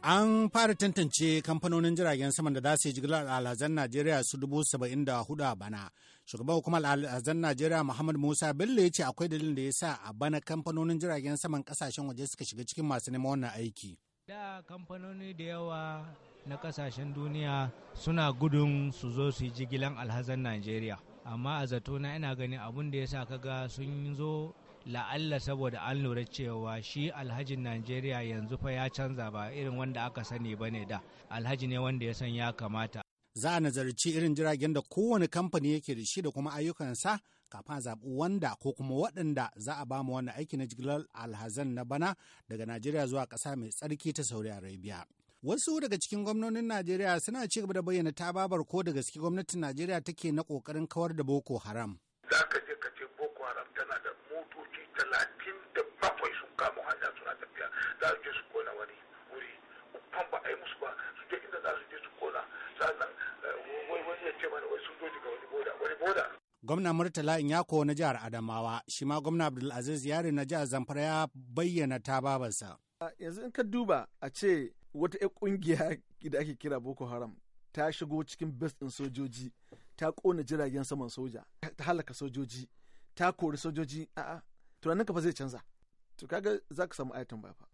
An fara tantance kamfanonin jiragen saman da za su yi jigilar alhazan Najeriya su dubu saba'in da hudu a bana. Shugaban hukumar alhazan Najeriya Muhammad Musa Bello ya ce akwai dalilin da ya sa a bana kamfanonin jiragen saman kasashen waje suka shiga cikin masu neman wannan aiki. Da kamfanoni da yawa na kasashen duniya suna gudun su zo su yi jigilan alhazan Najeriya. Amma a zato na ina ganin abun da ya sa ga sun zo la'alla saboda an lura cewa shi alhajin najeriya yanzu fa ya canza ba irin wanda aka sani ba ne da alhaji ne wanda ya san ya kamata za a nazarci irin jiragen da kowane kamfani yake da shi da kuma ayyukansa kafin a zaɓi wanda ko kuma waɗanda za a ba bamu wannan aiki na jigilar alhazan na bana daga najeriya zuwa ƙasa mai tsarki ta saudi arabia wasu daga cikin gwamnonin najeriya suna ci gaba da bayyana tababar ko da gaske gwamnatin najeriya take na ƙoƙarin kawar da boko haram za ka Gwamna Murtala Inyako na jihar Adamawa, shi ma gwamna Abdulaziz Yari na jihar Zamfara ya bayyana ta babarsa. Yanzu in ka duba a ce wata ƴan ƙungiya da ake kira Boko Haram ta shigo cikin bes ɗin sojoji, ta kona jiragen saman soja, ta halaka sojoji, ta kori sojoji, a'a, tunanin ka fa zai canza. To kaga za ka samu ayatan ba fa.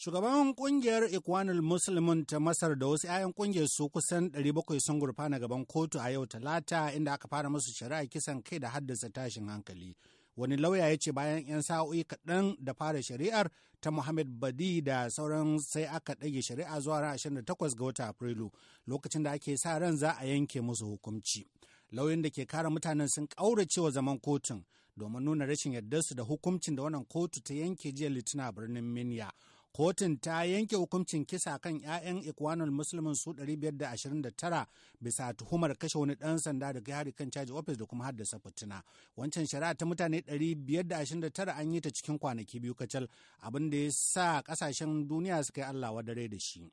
Shugaban kungiyar Ikwanul Musulmin ta Masar da wasu 'ya'yan kungiyar su kusan 700 sun gurfana gaban kotu a yau Talata inda aka fara musu shari'a kisan kai da haddasa tashin hankali. Wani lauya ya ce bayan 'yan sa'o'i kaɗan da fara shari'ar ta Muhammad Badi da sauran sai aka ɗage shari'a zuwa ran 28 ga watan Afrilu lokacin da ake sa ran za a yanke musu hukunci. Lauyin da ke kare mutanen sun ƙauracewa cewa zaman kotun domin nuna rashin su da hukuncin da wannan kotu ta yanke jiya Litinin birnin Minya. kotun ta yanke hukuncin kisa kan 'ya'yan ikwanul musulmin su 529 bisa tuhumar kashe wani ɗan sanda da kai hari kan caji ofis da kuma haddasa fitina wancan shari'a ta mutane 529 an yi ta cikin kwanaki biyu kacal abin da ya sa kasashen duniya suka yi allah wadare da shi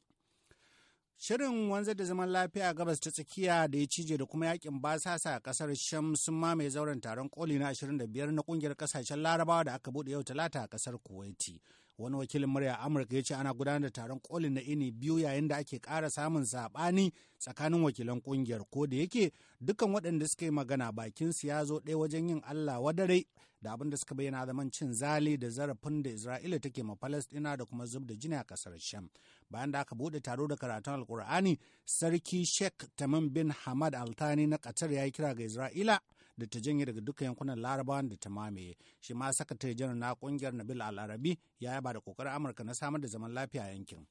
Shirin wanzar da zaman lafiya gabas ta tsakiya da ya cije da kuma yakin basasa a kasar Sham sun mamaye zauren taron koli na 25 na kungiyar kasashen larabawa da aka bude yau talata a kasar Kuwaiti. wani wakilin murya amurka ya ce ana gudanar da taron kolin na ini biyu yayin da ake kara samun saɓani tsakanin wakilan ƙungiyar ko da yake dukkan waɗanda suka yi magana bakin su ya zo ɗaya wajen yin allah wadare da abin da suka bayyana zaman cin zali da zarafin da isra'ila take ma falastina da kuma zub da jini a ƙasar sham bayan da aka buɗe taro da karatun alkur'ani sarki sheikh tamim bin hamad altani na qatar ya yi kira ga isra'ila da ta janye daga duka yankunan larabawan da ta mamaye shi ma sakatare janar na kungiyar nabil al-arabi ya yaba da kokarin amurka na samar da zaman lafiya yankin